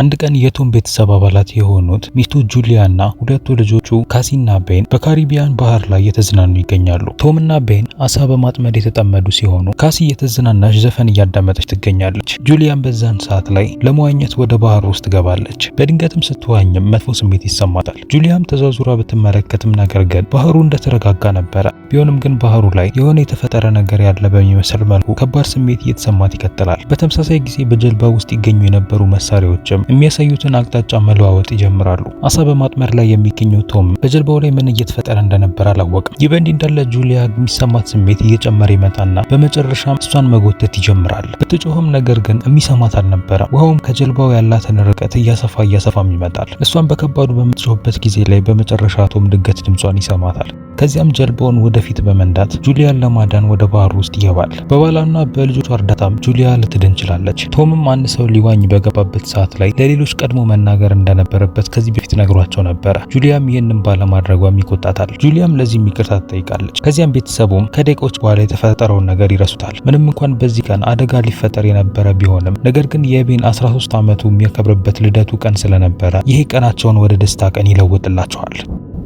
አንድ ቀን የቶም ቤተሰብ አባላት የሆኑት ሚስቱ ጁሊያ እና ሁለቱ ልጆቹ ካሲና ቤን በካሪቢያን ባህር ላይ እየተዝናኑ ይገኛሉ። ቶምና ቤን አሳ በማጥመድ የተጠመዱ ሲሆኑ ካሲ እየተዝናናች ዘፈን እያዳመጠች ትገኛለች። ጁሊያን በዛን ሰዓት ላይ ለመዋኘት ወደ ባህር ውስጥ ገባለች። በድንገትም ስትዋኝም መጥፎ ስሜት ይሰማታል። ጁሊያም ተዛዙራ ብትመለከትም ነገር ግን ባህሩ እንደተረጋጋ ነበረ። ቢሆንም ግን ባህሩ ላይ የሆነ የተፈጠረ ነገር ያለ በሚመስል መልኩ ከባድ ስሜት እየተሰማት ይቀጥላል። በተመሳሳይ ጊዜ በጀልባ ውስጥ ይገኙ የነበሩ መሳሪያዎችም የሚያሳዩትን አቅጣጫ መለዋወጥ ይጀምራሉ። አሳ በማጥመር ላይ የሚገኘው ቶም በጀልባው ላይ ምን እየተፈጠረ እንደነበር አላወቅም። ይህ በእንዲህ እንዳለ ጁሊያ የሚሰማት ስሜት እየጨመረ ይመጣና በመጨረሻም እሷን መጎተት ይጀምራል። ብትጮህም ነገር ግን የሚሰማት አልነበረም። ውሃውም ከጀልባው ያላትን ርቀት እያሰፋ እያሰፋም ይመጣል። እሷን በከባዱ በምትጮህበት ጊዜ ላይ በመጨረሻ ቶም ድንገት ድምጿን ይሰማታል። ከዚያም ጀልባውን ወደፊት በመንዳት ጁሊያን ለማዳን ወደ ባህሩ ውስጥ ይገባል። በባሏና በልጆቿ እርዳታም ጁሊያ ልትድን ችላለች። ቶምም አንድ ሰው ሊዋኝ በገባበት ሰዓት ላይ ለሌሎች ቀድሞ መናገር እንደነበረበት ከዚህ በፊት ነግሯቸው ነበረ። ጁሊያም ይህንን ባለማድረጓም ይቆጣታል። ጁሊያም ለዚህ ይቅርታ ትጠይቃለች። ከዚያም ቤተሰቡም ከደቂቃዎች በኋላ የተፈጠረውን ነገር ይረሱታል። ምንም እንኳን በዚህ ቀን አደጋ ሊፈጠር የነበረ ቢሆንም ነገር ግን የቤን 13 ዓመቱ የሚያከብርበት ልደቱ ቀን ስለነበረ ይሄ ቀናቸውን ወደ ደስታ ቀን ይለውጥላቸዋል።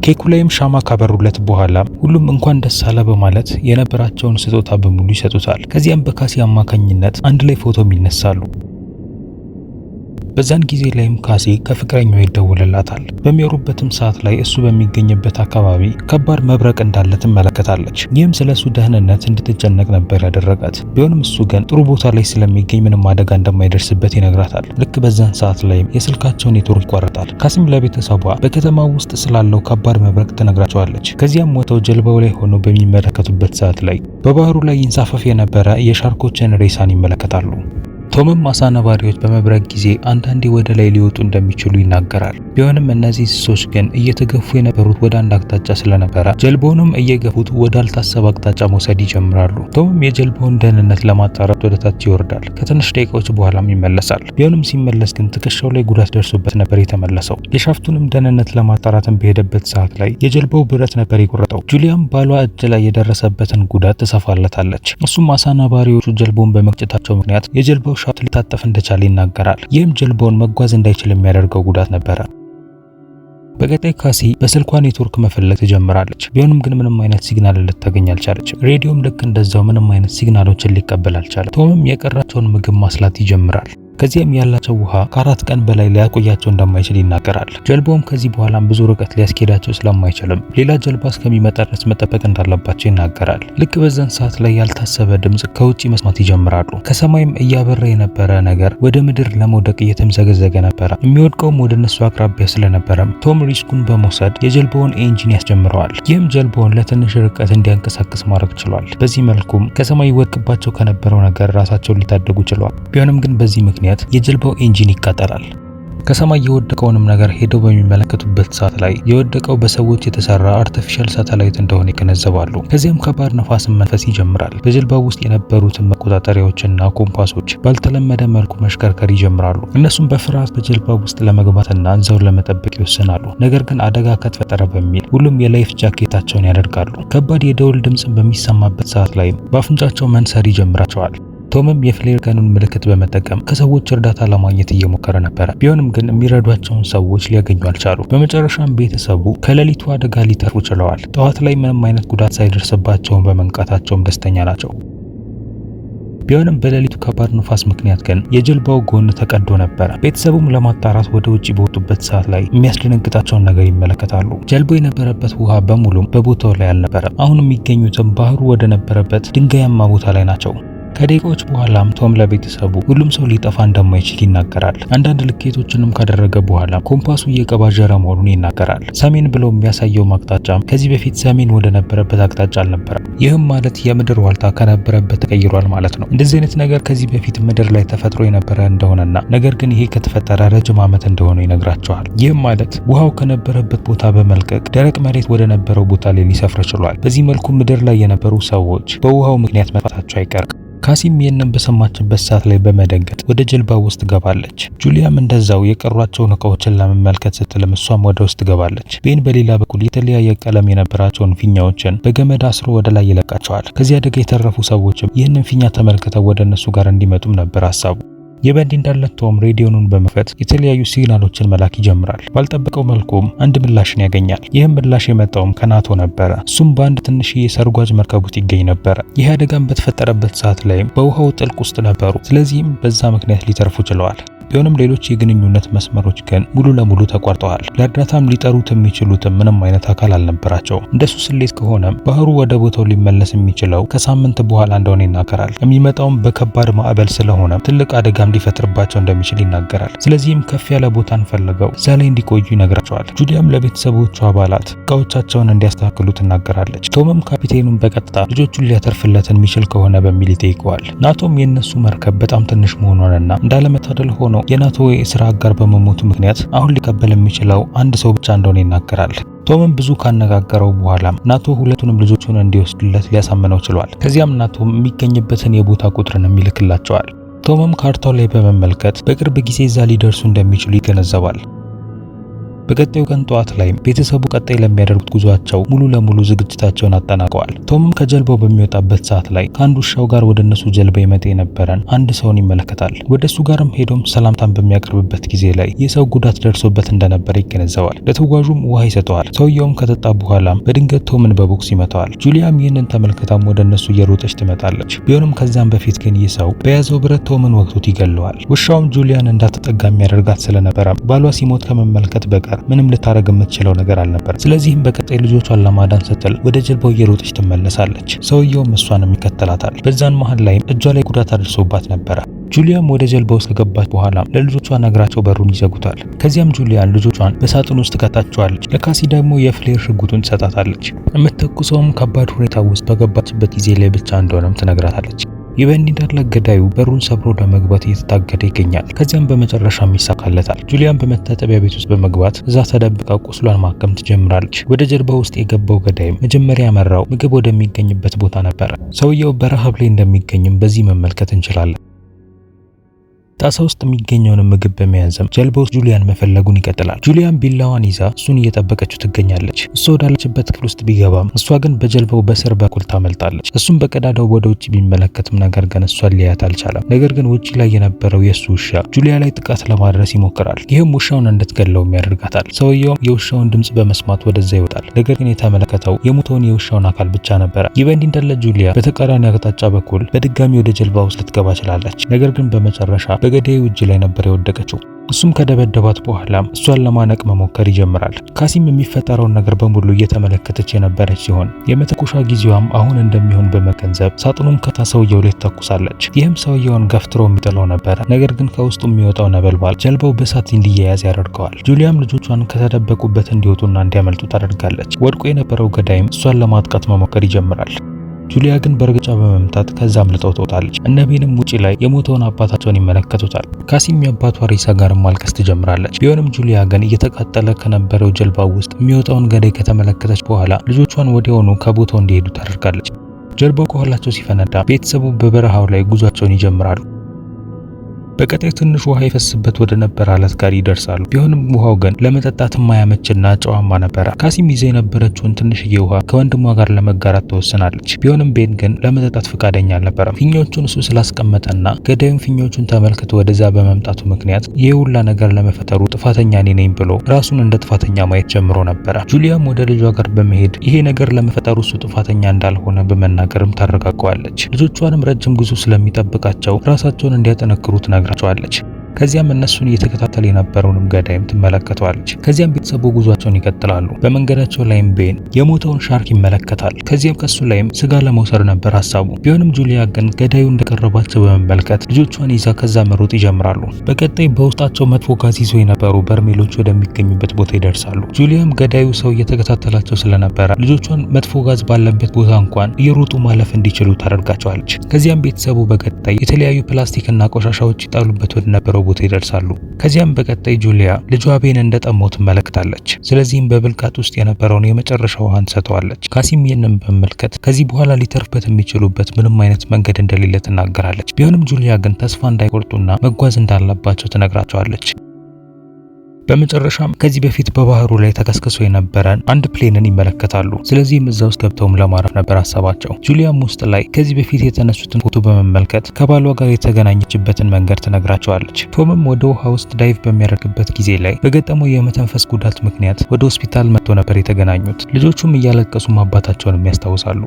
ኬኩ ላይም ሻማ ካበሩለት በኋላ ሁሉም እንኳን ደስ አለ በማለት የነበራቸውን ስጦታ በሙሉ ይሰጡታል። ከዚያም በካሲ አማካኝነት አንድ ላይ ፎቶም ይነሳሉ። በዛን ጊዜ ላይም ካሴ ከፍቅረኛው ይደውልላታል። በሚወሩበትም ሰዓት ላይ እሱ በሚገኝበት አካባቢ ከባድ መብረቅ እንዳለ ትመለከታለች። ይህም ስለ እሱ ደህንነት እንድትጨነቅ ነበር ያደረጋት። ቢሆንም እሱ ግን ጥሩ ቦታ ላይ ስለሚገኝ ምንም አደጋ እንደማይደርስበት ይነግራታል። ልክ በዛን ሰዓት ላይም የስልካቸውን ኔትወርክ ይቋረጣል። ካሲም ለቤተሰቧ በከተማ ውስጥ ስላለው ከባድ መብረቅ ትነግራቸዋለች። ከዚያም ወጥተው ጀልባው ላይ ሆኖ በሚመለከቱበት ሰዓት ላይ በባህሩ ላይ ይንሳፈፍ የነበረ የሻርኮችን ሬሳን ይመለከታሉ። ቶምም አሳ ነባሪዎች በመብረቅ ጊዜ አንዳንዴ ወደ ላይ ሊወጡ እንደሚችሉ ይናገራል። ቢሆንም እነዚህ እንስሶች ግን እየተገፉ የነበሩት ወደ አንድ አቅጣጫ ስለነበረ ጀልባውንም እየገፉት ወዳልታሰበ አቅጣጫ መውሰድ ይጀምራሉ። ቶምም የጀልባውን ደህንነት ለማጣራት ወደ ታች ይወርዳል። ከትንሽ ደቂቃዎች በኋላም ይመለሳል። ቢሆንም ሲመለስ ግን ትከሻው ላይ ጉዳት ደርሶበት ነበር የተመለሰው። የሻፍቱንም ደህንነት ለማጣራትን በሄደበት ሰዓት ላይ የጀልባው ብረት ነበር የቆረጠው። ጁሊያም ባሏ እጅ ላይ የደረሰበትን ጉዳት ትሰፋለታለች። እሱም አሳ ነባሪዎቹ ጀልባውን በመግጨታቸው ምክንያት የጀልባው ሻት ሊታጠፍ እንደቻለ ይናገራል። ይህም ጀልባውን መጓዝ እንዳይችል የሚያደርገው ጉዳት ነበረ። በቀጣይ ካሲ በስልኳ ኔትወርክ መፈለግ ትጀምራለች። ቢሆንም ግን ምንም አይነት ሲግናል ልታገኝ አልቻለችም። ሬዲዮም ልክ እንደዛው ምንም አይነት ሲግናሎችን ሊቀበል አልቻለም። ቶምም የቀራቸውን ምግብ ማስላት ይጀምራል። ከዚህም ያላቸው ውሃ ከአራት ቀን በላይ ሊያቆያቸው እንደማይችል ይናገራል። ጀልባውም ከዚህ በኋላም ብዙ ርቀት ሊያስኬዳቸው ስለማይችልም ሌላ ጀልባ እስከሚመጣ ድረስ መጠበቅ እንዳለባቸው ይናገራል። ልክ በዛን ሰዓት ላይ ያልታሰበ ድምፅ ከውጭ መስማት ይጀምራሉ። ከሰማይም እያበራ የነበረ ነገር ወደ ምድር ለመውደቅ እየተምዘገዘገ ነበረ። የሚወድቀውም ወደ እነሱ አቅራቢያ ስለነበረም ቶም ሪስኩን በመውሰድ የጀልባውን ኤንጂን ያስጀምረዋል። ይህም ጀልባውን ለትንሽ ርቀት እንዲያንቀሳቅስ ማድረግ ችሏል። በዚህ መልኩም ከሰማይ ይወድቅባቸው ከነበረው ነገር ራሳቸውን ሊታደጉ ችሏል። ቢሆንም ግን በዚህ ምክንያት ምክንያት የጀልባው ኢንጂን ይቃጠላል። ከሰማይ የወደቀውንም ነገር ሄደው በሚመለከቱበት ሰዓት ላይ የወደቀው በሰዎች የተሰራ አርቲፊሻል ሳተላይት እንደሆነ ይገነዘባሉ። ከዚያም ከባድ ነፋስን መንፈስ ይጀምራል። በጀልባው ውስጥ የነበሩትን መቆጣጠሪያዎችና ኮምፓሶች ባልተለመደ መልኩ መሽከርከር ይጀምራሉ። እነሱም በፍርሃት በጀልባው ውስጥ ለመግባትና እዛውን ለመጠበቅ ይወስናሉ። ነገር ግን አደጋ ከተፈጠረ በሚል ሁሉም የላይፍ ጃኬታቸውን ያደርጋሉ። ከባድ የደውል ድምፅን በሚሰማበት ሰዓት ላይም በአፍንጫቸው መንሰር ይጀምራቸዋል። ቶምም የፍሌር ጋኑን ምልክት በመጠቀም ከሰዎች እርዳታ ለማግኘት እየሞከረ ነበረ። ቢሆንም ግን የሚረዷቸውን ሰዎች ሊያገኙ አልቻሉ። በመጨረሻም ቤተሰቡ ከሌሊቱ አደጋ ሊተርፉ ችለዋል። ጠዋት ላይ ምንም አይነት ጉዳት ሳይደርስባቸውን በመንቃታቸውም ደስተኛ ናቸው። ቢሆንም በሌሊቱ ከባድ ንፋስ ምክንያት ግን የጀልባው ጎን ተቀዶ ነበረ። ቤተሰቡም ለማጣራት ወደ ውጭ በወጡበት ሰዓት ላይ የሚያስደነግጣቸውን ነገር ይመለከታሉ። ጀልባው የነበረበት ውሃ በሙሉም በቦታው ላይ አልነበረም። አሁን የሚገኙትም ባህሩ ወደ ነበረበት ድንጋያማ ቦታ ላይ ናቸው። ከደቂቃዎች በኋላም ቶም ለቤተሰቡ ሁሉም ሰው ሊጠፋ እንደማይችል ይናገራል። አንዳንድ ልኬቶችንም ካደረገ በኋላ ኮምፓሱ እየቀባጀረ መሆኑን ይናገራል። ሰሜን ብሎ የሚያሳየው አቅጣጫም ከዚህ በፊት ሰሜን ወደ ነበረበት አቅጣጫ አልነበረም። ይህም ማለት የምድር ዋልታ ከነበረበት ተቀይሯል ማለት ነው። እንደዚህ አይነት ነገር ከዚህ በፊት ምድር ላይ ተፈጥሮ የነበረ እንደሆነና ነገር ግን ይሄ ከተፈጠረ ረጅም ዓመት እንደሆነ ይነግራቸዋል። ይህም ማለት ውሃው ከነበረበት ቦታ በመልቀቅ ደረቅ መሬት ወደ ነበረው ቦታ ላይ ሊሰፍር ችሏል። በዚህ መልኩ ምድር ላይ የነበሩ ሰዎች በውሃው ምክንያት መጥፋታቸው አይቀርም። ካሲም ይህንን በሰማችበት ሰዓት ላይ በመደንገጥ ወደ ጀልባ ውስጥ ገባለች። ጁሊያም እንደዛው የቀሯቸውን እቃዎችን ለመመልከት ስትልም እሷም ወደ ውስጥ ገባለች። ቤን በሌላ በኩል የተለያየ ቀለም የነበራቸውን ፊኛዎችን በገመድ አስሮ ወደ ላይ ይለቃቸዋል። ከዚህ አደጋ የተረፉ ሰዎችም ይህንን ፊኛ ተመልክተው ወደ እነሱ ጋር እንዲመጡም ነበር ሀሳቡ። ይህ በእንዲህ እንዳለ ቶም ሬዲዮኑን በመክፈት የተለያዩ ሲግናሎችን መላክ ይጀምራል። ባልጠበቀው መልኩም አንድ ምላሽን ያገኛል። ይህም ምላሽ የመጣውም ከናቶ ነበረ። እሱም በአንድ ትንሽ ሰርጓጅ መርከብ ውስጥ ይገኝ ነበረ። ይህ አደጋም በተፈጠረበት ሰዓት ላይም በውሃው ጥልቅ ውስጥ ነበሩ። ስለዚህም በዛ ምክንያት ሊተርፉ ችለዋል። ቢሆንም ሌሎች የግንኙነት መስመሮች ግን ሙሉ ለሙሉ ተቋርጠዋል። ለእርዳታም ሊጠሩት የሚችሉትም ምንም አይነት አካል አልነበራቸውም። እንደሱ ስሌት ከሆነም ባህሩ ወደ ቦታው ሊመለስ የሚችለው ከሳምንት በኋላ እንደሆነ ይናገራል። የሚመጣውም በከባድ ማዕበል ስለሆነ ትልቅ አደጋም ሊፈጥርባቸው እንደሚችል ይናገራል። ስለዚህም ከፍ ያለ ቦታን ፈልገው እዛ ላይ እንዲቆዩ ይነግራቸዋል። ጁዲያም ለቤተሰቦቹ አባላት እቃዎቻቸውን እንዲያስተካክሉ ትናገራለች። ቶምም ካፒቴኑን በቀጥታ ልጆቹን ሊያተርፍለት የሚችል ከሆነ በሚል ይጠይቀዋል። ናቶም የእነሱ መርከብ በጣም ትንሽ መሆኗንና እንዳለመታደል ሆኖ ነው። የናቶ የስራ አጋር በመሞቱ ምክንያት አሁን ሊቀበል የሚችለው አንድ ሰው ብቻ እንደሆነ ይናገራል። ቶምም ብዙ ካነጋገረው በኋላ ናቶ ሁለቱንም ልጆቹን እንዲወስድለት ሊያሳምነው ችሏል። ከዚያም ናቶ የሚገኝበትን የቦታ ቁጥርን የሚልክላቸዋል። ቶምም ካርታው ላይ በመመልከት በቅርብ ጊዜ እዛ ሊደርሱ እንደሚችሉ ይገነዘባል። በቀጣዩ ቀን ጠዋት ላይ ቤተሰቡ ቀጣይ ለሚያደርጉት ጉዟቸው ሙሉ ለሙሉ ዝግጅታቸውን አጠናቀዋል። ቶም ከጀልባው በሚወጣበት ሰዓት ላይ ከአንድ ውሻው ጋር ወደ እነሱ ጀልባ ይመጣ የነበረን አንድ ሰውን ይመለከታል። ወደ እሱ ጋርም ሄዶም ሰላምታን በሚያቀርብበት ጊዜ ላይ የሰው ጉዳት ደርሶበት እንደነበረ ይገነዘባል። ለተጓዡም ውሃ ይሰጠዋል። ሰውየውም ከጠጣ በኋላም በድንገት ቶምን በቦክስ ይመታዋል። ጁሊያም ይህንን ተመልክታም ወደ እነሱ እየሮጠች ትመጣለች። ቢሆንም ከዛም በፊት ግን ይህ ሰው በያዘው ብረት ቶምን ወቅቶት ይገለዋል። ውሻውም ጁሊያን እንዳትጠጋ የሚያደርጋት ስለነበረ ባሏ ሲሞት ከመመልከት በቀር በስተቀር ምንም ልታደረግ የምትችለው ነገር አልነበር። ስለዚህም በቀጣይ ልጆቿን ለማዳን ስትል ወደ ጀልባው እየሮጠች ትመለሳለች። ሰውየውም እሷንም ይከተላታል። በዛን መሀል ላይም እጇ ላይ ጉዳት አድርሶባት ነበረ። ጁሊያም ወደ ጀልባው ከገባች በኋላ ለልጆቿ ነግራቸው በሩን ይዘጉታል። ከዚያም ጁሊያን ልጆቿን በሳጥን ውስጥ ከታቸዋለች። ለካሲ ደግሞ የፍሌር ሽጉጡን ትሰጣታለች። የምትተኩሰውም ከባድ ሁኔታ ውስጥ በገባችበት ጊዜ ላይ ብቻ እንደሆነም ትነግራታለች። ይህ በእንዲህ እንዳለ ገዳዩ በሩን ሰብሮ ለመግባት እየተታገደ ይገኛል። ከዚያም በመጨረሻ ይሳካለታል። ጁሊያን በመታጠቢያ ቤት ውስጥ በመግባት እዛ ተደብቃ ቁስሏን ማከም ትጀምራለች። ወደ ጀርባ ውስጥ የገባው ገዳይም መጀመሪያ ያመራው ምግብ ወደሚገኝበት ቦታ ነበረ። ሰውየው በረሃብ ላይ እንደሚገኝም በዚህ መመልከት እንችላለን። ጣሳ ውስጥ የሚገኘውን ምግብ በመያዝም ጀልባ ውስጥ ጁሊያን መፈለጉን ይቀጥላል። ጁሊያን ቢላዋን ይዛ እሱን እየጠበቀችው ትገኛለች። እሱ ወዳለችበት ክፍል ውስጥ ቢገባም እሷ ግን በጀልባው በስር በኩል ታመልጣለች። እሱም በቀዳዳው ወደ ውጭ ቢመለከትም ነገር ግን እሷን ሊያት አልቻለም። ነገር ግን ውጭ ላይ የነበረው የእሱ ውሻ ጁሊያ ላይ ጥቃት ለማድረስ ይሞክራል። ይህም ውሻውን እንድትገለውም ያደርጋታል። ሰውየውም የውሻውን ድምፅ በመስማት ወደዛ ይወጣል። ነገር ግን የተመለከተው የሞተውን የውሻውን አካል ብቻ ነበረ። ይህ በእንዲህ እንዳለ ጁሊያ በተቃራኒ አቅጣጫ በኩል በድጋሚ ወደ ጀልባ ውስጥ ልትገባ ችላለች። ነገር ግን በመጨረሻ በገዳዩ እጅ ላይ ነበር የወደቀችው። እሱም ከደበደባት በኋላ እሷን ለማነቅ መሞከር ይጀምራል። ካሲም የሚፈጠረውን ነገር በሙሉ እየተመለከተች የነበረች ሲሆን የመተኮሻ ጊዜዋም አሁን እንደሚሆን በመገንዘብ ሳጥኑን ከታ ሰውየው ላይ ትተኩሳለች። ይህም ሰውየውን ገፍትሮ የሚጥለው ነበረ። ነገር ግን ከውስጡ የሚወጣው ነበልባል ጀልባው በእሳት እንዲያያዝ ያደርገዋል። ጁሊያም ልጆቿን ከተደበቁበት እንዲወጡና እንዲያመልጡ ታደርጋለች። ወድቆ የነበረው ገዳይም እሷን ለማጥቃት መሞከር ይጀምራል። ጁሊያ ግን በእርግጫ በመምታት ከዛ አምልጠው ትወጣለች። እነ ቤንም ውጪ ላይ የሞተውን አባታቸውን ይመለከቱታል። ካሲም የአባቷ ሬሳ ጋር ማልቀስ ትጀምራለች። ቢሆንም ጁሊያ ግን እየተቃጠለ ከነበረው ጀልባ ውስጥ የሚወጣውን ገዳይ ከተመለከተች በኋላ ልጆቿን ወዲያውኑ ከቦታው እንዲሄዱ ታደርጋለች። ጀልባው ከኋላቸው ሲፈነዳ ቤተሰቡ በበረሃው ላይ ጉዟቸውን ይጀምራሉ። በቀጣይ ትንሽ ውሃ ይፈስበት ወደ ነበር አለት ጋር ይደርሳሉ። ቢሆንም ውሃው ግን ለመጠጣት የማያመችና ጨዋማ ነበረ። ካሲም ይዘ የነበረችውን ትንሽዬ ውሃ ከወንድሟ ጋር ለመጋራት ትወስናለች። ቢሆንም ቤን ግን ለመጠጣት ፈቃደኛ አልነበረም። ፊኛዎቹን እሱ ስላስቀመጠና ገዳዩም ፊኛዎቹን ተመልክቶ ወደዛ በመምጣቱ ምክንያት ይህ ሁላ ነገር ለመፈጠሩ ጥፋተኛ እኔ ነኝ ብሎ ራሱን እንደ ጥፋተኛ ማየት ጀምሮ ነበረ። ጁሊያም ወደ ልጇ ጋር በመሄድ ይሄ ነገር ለመፈጠሩ እሱ ጥፋተኛ እንዳልሆነ በመናገርም ታረጋገዋለች። ልጆቿንም ረጅም ጉዞ ስለሚጠብቃቸው ራሳቸውን እንዲያጠነክሩት ትነግራለች። ታቀርባቸዋለች። ከዚያም እነሱን እየተከታተለ የነበረውንም ገዳይም ትመለከተዋለች። ከዚያም ቤተሰቡ ጉዟቸውን ይቀጥላሉ። በመንገዳቸው ላይም ቤን የሞተውን ሻርክ ይመለከታል። ከዚያም ከሱ ላይም ስጋ ለመውሰድ ነበር ሀሳቡ። ቢሆንም ጁሊያ ግን ገዳዩ እንደቀረባቸው በመመልከት ልጆቿን ይዛ ከዛ መሮጥ ይጀምራሉ። በቀጣይ በውስጣቸው መጥፎ ጋዝ ይዞ የነበሩ በርሜሎች ወደሚገኙበት ቦታ ይደርሳሉ። ጁሊያም ገዳዩ ሰው እየተከታተላቸው ስለነበረ ልጆቿን መጥፎ ጋዝ ባለበት ቦታ እንኳን እየሮጡ ማለፍ እንዲችሉ ታደርጋቸዋለች። ከዚያም ቤተሰቡ በቀጣይ የተለያዩ ፕላስቲክና ቆሻሻዎች ይጣሉበት ወደነበረው ቦታ ይደርሳሉ። ከዚያም በቀጣይ ጁሊያ ልጇ ቤን እንደጠማው ትመለከታለች። ስለዚህም በብልቃጥ ውስጥ የነበረውን የመጨረሻ ውሃን ሰጥተዋለች። ካሲም ይህንን በመመልከት ከዚህ በኋላ ሊተርፍበት የሚችሉበት ምንም አይነት መንገድ እንደሌለ ትናገራለች። ቢሆንም ጁሊያ ግን ተስፋ እንዳይቆርጡና መጓዝ እንዳለባቸው ትነግራቸዋለች። በመጨረሻም ከዚህ በፊት በባህሩ ላይ ተከስክሶ የነበረን አንድ ፕሌንን ይመለከታሉ። ስለዚህም እዛ ውስጥ ገብተውም ለማረፍ ነበር ሀሳባቸው። ጁሊያም ውስጥ ላይ ከዚህ በፊት የተነሱትን ፎቶ በመመልከት ከባሏ ጋር የተገናኘችበትን መንገድ ትነግራቸዋለች። ቶምም ወደ ውሃ ውስጥ ዳይቭ በሚያደርግበት ጊዜ ላይ በገጠመው የመተንፈስ ጉዳት ምክንያት ወደ ሆስፒታል መጥቶ ነበር የተገናኙት። ልጆቹም እያለቀሱም አባታቸውንም ያስታውሳሉ።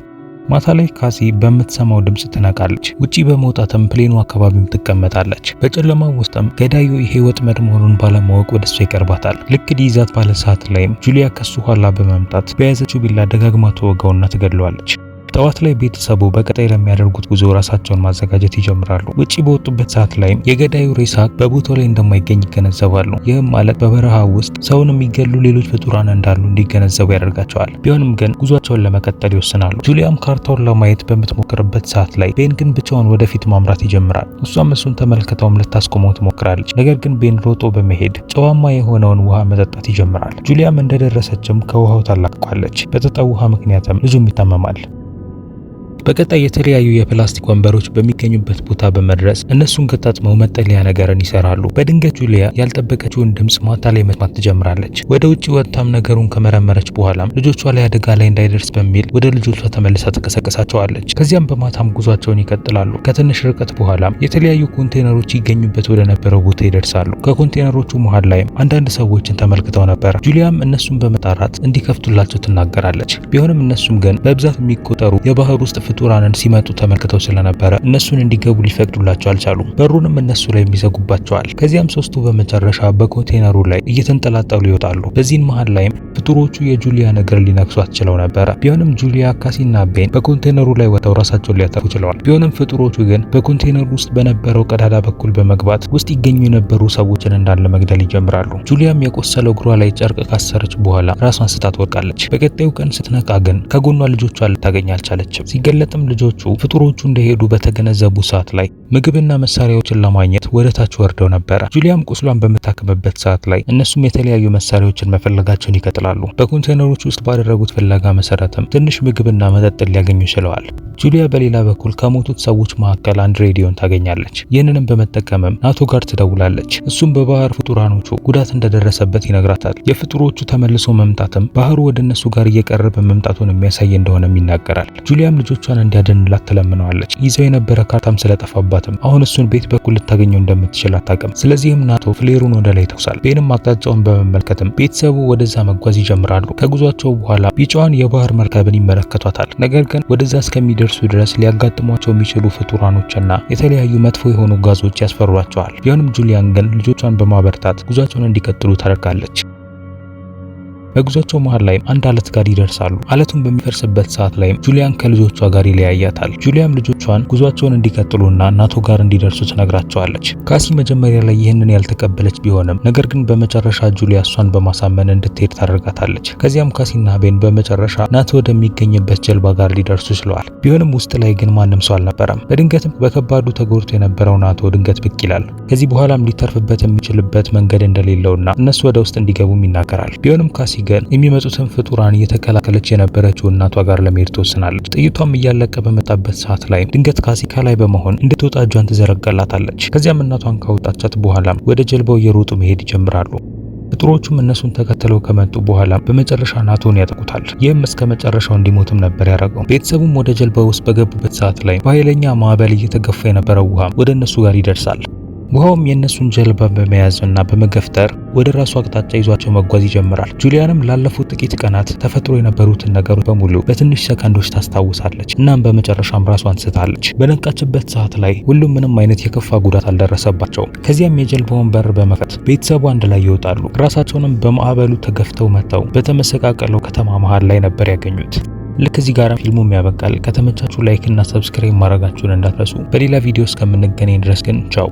ማታ ላይ ካሲ በምትሰማው ድምጽ ትነቃለች። ውጪ በመውጣትም ፕሌኑ አካባቢም ትቀመጣለች። በጨለማ ውስጥም ገዳዩ ይሄ ወጥመድ መሆኑን ባለማወቅ ወደ ይቀርባታል። ልክ ሊይዛት ባለ ሰዓት ላይም ጁሊያ ከሱ ኋላ በመምጣት በያዘችው ቢላ ደጋግማ ትወጋውና ትገድለዋለች። ጠዋት ላይ ቤተሰቡ በቀጣይ ለሚያደርጉት ጉዞ ራሳቸውን ማዘጋጀት ይጀምራሉ። ውጪ በወጡበት ሰዓት ላይም የገዳዩ ሬሳ በቦታው ላይ እንደማይገኝ ይገነዘባሉ። ይህም ማለት በበረሃ ውስጥ ሰውን የሚገሉ ሌሎች ፍጡራን እንዳሉ እንዲገነዘቡ ያደርጋቸዋል። ቢሆንም ግን ጉዟቸውን ለመቀጠል ይወስናሉ። ጁሊያም ካርታውን ለማየት በምትሞክርበት ሰዓት ላይ ቤን ግን ብቻውን ወደፊት ማምራት ይጀምራል። እሷም እሱን ተመልክተውም ልታስቆመው ትሞክራለች። ነገር ግን ቤን ሮጦ በመሄድ ጨዋማ የሆነውን ውሃ መጠጣት ይጀምራል። ጁሊያም እንደደረሰችም ከውሃው ታላቅቋለች። በጠጣው ውሃ ምክንያትም ልጁም ይታመማል። በቀጣይ የተለያዩ የፕላስቲክ ወንበሮች በሚገኙበት ቦታ በመድረስ እነሱን ከታትመው መጠለያ ነገርን ይሰራሉ። በድንገት ጁሊያ ያልጠበቀችውን ድምፅ ማታ ላይ መስማት ትጀምራለች። ወደ ውጭ ወጥታም ነገሩን ከመረመረች በኋላም ልጆቿ ላይ አደጋ ላይ እንዳይደርስ በሚል ወደ ልጆቿ ተመልሳ ትቀሰቀሳቸዋለች። ከዚያም በማታም ጉዟቸውን ይቀጥላሉ። ከትንሽ ርቀት በኋላም የተለያዩ ኮንቴነሮች ይገኙበት ወደ ነበረው ቦታ ይደርሳሉ። ከኮንቴነሮቹ መሃል ላይም አንዳንድ ሰዎችን ተመልክተው ነበር። ጁሊያም እነሱን በመጣራት እንዲከፍቱላቸው ትናገራለች። ቢሆንም እነሱም ግን በብዛት የሚቆጠሩ የባህር ውስጥ ፍጡራንን ሲመጡ ተመልክተው ስለነበረ እነሱን እንዲገቡ ሊፈቅዱላቸው አልቻሉም። በሩንም እነሱ ላይ የሚዘጉባቸዋል። ከዚያም ሶስቱ በመጨረሻ በኮንቴነሩ ላይ እየተንጠላጠሉ ይወጣሉ። በዚህን መሀል ላይም ፍጡሮቹ የጁሊያን እግር ሊነክሷት ችለው ነበረ። ቢሆንም ጁሊያ፣ ካሲና ቤን በኮንቴነሩ ላይ ወጥተው ራሳቸውን ሊያጠፉ ችለዋል። ቢሆንም ፍጡሮቹ ግን በኮንቴነሩ ውስጥ በነበረው ቀዳዳ በኩል በመግባት ውስጥ ይገኙ የነበሩ ሰዎችን እንዳለ መግደል ይጀምራሉ። ጁሊያም የቆሰለው እግሯ ላይ ጨርቅ ካሰረች በኋላ ራሷን ስታ ትወድቃለች። በቀጣዩ ቀን ስትነቃ ግን ከጎኗ ልጆቿ ልታገኝ አልቻለችም። ሲገለ በእርግጥም ልጆቹ ፍጡሮቹ እንደሄዱ በተገነዘቡ ሰዓት ላይ ምግብና መሳሪያዎችን ለማግኘት ወደ ታች ወርደው ነበረ። ጁሊያም ቁስሏን በምታከምበት ሰዓት ላይ እነሱም የተለያዩ መሳሪያዎችን መፈለጋቸውን ይቀጥላሉ። በኮንቴነሮች ውስጥ ባደረጉት ፍለጋ መሰረትም ትንሽ ምግብና መጠጥን ሊያገኙ ችለዋል። ጁሊያ በሌላ በኩል ከሞቱት ሰዎች መካከል አንድ ሬዲዮን ታገኛለች። ይህንንም በመጠቀምም ናቶ ጋር ትደውላለች። እሱም በባህር ፍጡራኖቹ ጉዳት እንደደረሰበት ይነግራታል። የፍጡሮቹ ተመልሶ መምጣትም ባህሩ ወደ እነሱ ጋር እየቀረበ መምጣቱን የሚያሳይ እንደሆነም ይናገራል። ጁሊያም ልጆቿን ራሷን እንዲያድንላት ትለምነዋለች። ይዘው የነበረ ካርታም ስለጠፋባትም አሁን እሱን ቤት በኩል ልታገኘው እንደምትችል አታውቅም። ስለዚህም ናቶ ፍሌሩን ወደ ላይ ይተውሳል። ቤንም አቅጣጫውን በመመልከትም ቤተሰቡ ወደዛ መጓዝ ይጀምራሉ። ከጉዟቸው በኋላ ቢጫዋን የባህር መርከብን ይመለከቷታል። ነገር ግን ወደዛ እስከሚደርሱ ድረስ ሊያጋጥሟቸው የሚችሉ ፍጡራኖችና የተለያዩ መጥፎ የሆኑ ጋዞች ያስፈሯቸዋል። ቢሆንም ጁሊያን ግን ልጆቿን በማበርታት ጉዟቸውን እንዲቀጥሉ ታደርጋለች። በጉዟቸው መሃል ላይም አንድ አለት ጋር ይደርሳሉ። አለቱን በሚፈርስበት ሰዓት ላይም ጁሊያን ከልጆቿ ጋር ይለያያታል። ጁሊያም ልጆቿን ጉዟቸውን እንዲቀጥሉና እናቶ ጋር እንዲደርሱ ትነግራቸዋለች። ካሲ መጀመሪያ ላይ ይህንን ያልተቀበለች ቢሆንም ነገር ግን በመጨረሻ ጁሊያ እሷን በማሳመን እንድትሄድ ታደርጋታለች። ከዚያም ካሲና ቤን በመጨረሻ ናቶ ወደሚገኝበት ጀልባ ጋር ሊደርሱ ችለዋል። ቢሆንም ውስጥ ላይ ግን ማንም ሰው አልነበረም። በድንገትም በከባዱ ተጎድቶ የነበረው ናቶ ድንገት ብቅ ይላል። ከዚህ በኋላም ሊተርፍበት የሚችልበት መንገድ እንደሌለውና እነሱ ወደ ውስጥ እንዲገቡም ይናገራል። ቢሆንም ካሲ ስትገን የሚመጡትን ፍጡራን እየተከላከለች የነበረችው እናቷ ጋር ለመሄድ ትወስናለች። ጥይቷም እያለቀ በመጣበት ሰዓት ላይ ድንገት ካሲ ከላይ በመሆን እንድትወጣ እጇን ትዘረጋላታለች። ከዚያም እናቷን ካወጣቻት በኋላም ወደ ጀልባው እየሮጡ መሄድ ይጀምራሉ። ፍጡሮቹም እነሱን ተከትለው ከመጡ በኋላ በመጨረሻ ናቶን ያጠቁታል። ይህም እስከ መጨረሻው እንዲሞትም ነበር ያደረገው። ቤተሰቡም ወደ ጀልባ ውስጥ በገቡበት ሰዓት ላይ በኃይለኛ ማዕበል እየተገፋ የነበረው ውሃ ወደ እነሱ ጋር ይደርሳል። ውሃውም የእነሱን ጀልባ በመያዝና በመገፍጠር ወደ ራሱ አቅጣጫ ይዟቸው መጓዝ ይጀምራል። ጁሊያንም ላለፉት ጥቂት ቀናት ተፈጥሮ የነበሩትን ነገሮች በሙሉ በትንሽ ሰከንዶች ታስታውሳለች። እናም በመጨረሻም ራሱ አንስታለች። በነቃችበት ሰዓት ላይ ሁሉም ምንም አይነት የከፋ ጉዳት አልደረሰባቸውም። ከዚያም የጀልባውን በር በመክፈት ቤተሰቡ አንድ ላይ ይወጣሉ። ራሳቸውንም በማዕበሉ ተገፍተው መጥተው በተመሰቃቀለው ከተማ መሃል ላይ ነበር ያገኙት። ልክ እዚህ ጋር ፊልሙም ያበቃል። ከተመቻችሁ ላይክ እና ሰብስክራይብ ማድረጋችሁን እንዳትረሱ። በሌላ ቪዲዮ እስከምንገናኝ ድረስ ግን ቻው።